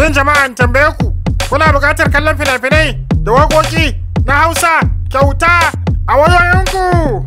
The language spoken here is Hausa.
Shin jama'an tambaye ku kuna buƙatar kallon fina-finai da waƙoƙi na Hausa kyauta a wayoyinku?